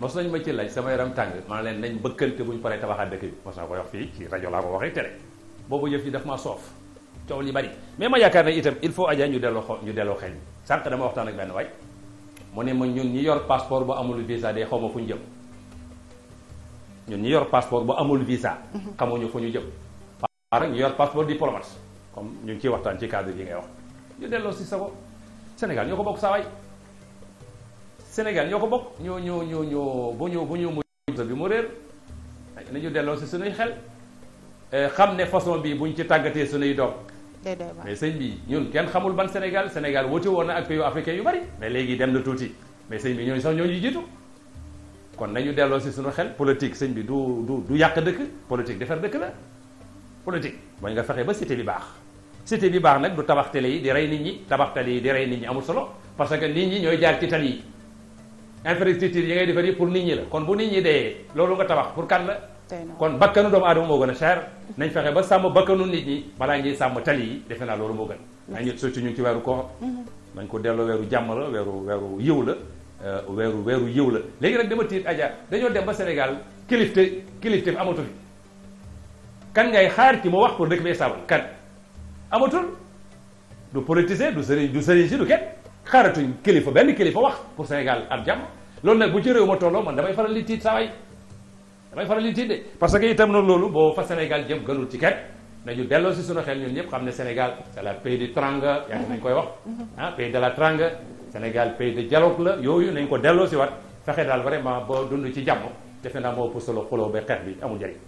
mos nañu ma ci laaj sama yaram tàng man leen nañ bëkkante buñ paree tabaxaat dëkk bi mos naa ko wax fii ci rajo laa ko waxee télé boobu yëf yi daf maa soof coow li bari mais ma yaakaar nañ itam il faut aja ñu delloo xo ñu delloo xel sànq dama waxtaan ak benn waay mu ne ma ñun ñi yor passeport bu amul visa de xaw ma fu ñu jëm ñun ñu yor passeport bu amul visa mhm. xamuñu fu ñu jëm par ñu yor passeport diplomate comme ñu ngi ciy waxtaan ci cadre yi ngay wax ñu si sa bopp Sénégal ñoo ko bokk Sénégal ñoo ko bokk ñoo ñoo ñoo ñoo ba ñoo ba ñoo mujj bi mu réer nañu delloo si sunuy xel eh, xam ne façon bi ñu ci tàggatee sunuy doom mais sëñ bi ñun kenn xamul ban Sénégal Sénégal woote woon na ak pays africain yu bari mais léegi dem na tuuti mais sëñ bi ñooñu sax ñoo ñu jiitu kon nañu delloo si sunu xel politique sëñ bi du du du yàq dëkk politique defar dëkk la politique mooy nga fexe ba cité bi baax cité bi baax nag du tabax tali yi di rey nit ñi tabax yi di rey nit ñi solo parce que nit ñi ñooy jaar ci tali yi infrastructure yi ngay defar yëpp pour nit ñi la kon bu nit ñi dee loolu nga tabax pour kan la kon bakkanu doomu aadama moo gën na cher nañ fexe ba sàmm bakkanu nit ñi balaa ngi sàmm tali yi defe naa loolu moo gën naa ñet surtout ñu ngi ci weeru koor mhm. nañ ko delloo weeru jàmm la weeru weeru yiw la euh, weeru weeru yiw la léegi nag dama tiit aja dañoo dem ba Sénégal kilifte kilifte amatu fi kan ngay xaar ci mu wax pour dëkk bi sabal kan amatul du politicien du sëriñ du sëriñ si du xaaratuñ kilifa benn kilifa wax pour Sénégal am jàmm loolu nag bu ci réew ma tolloo man damay faral di tiit saa waay damay faral di de parce que itam na loolu boo fa Sénégal jëm gënul ci kenn nañu delloo si sunu xel ñun ñëpp xam ne Sénégal c'est la pays du Teranga yaa ngi nañ koy wax mm-hmm. ah pays de la Teranga Sénégal pays de dialogue la yooyu nañ ko delloo si waat fexe daal vraiment ba dund ci jàmm defe naa moo ëpp solo xuloo ba xeex bi amul njëriñ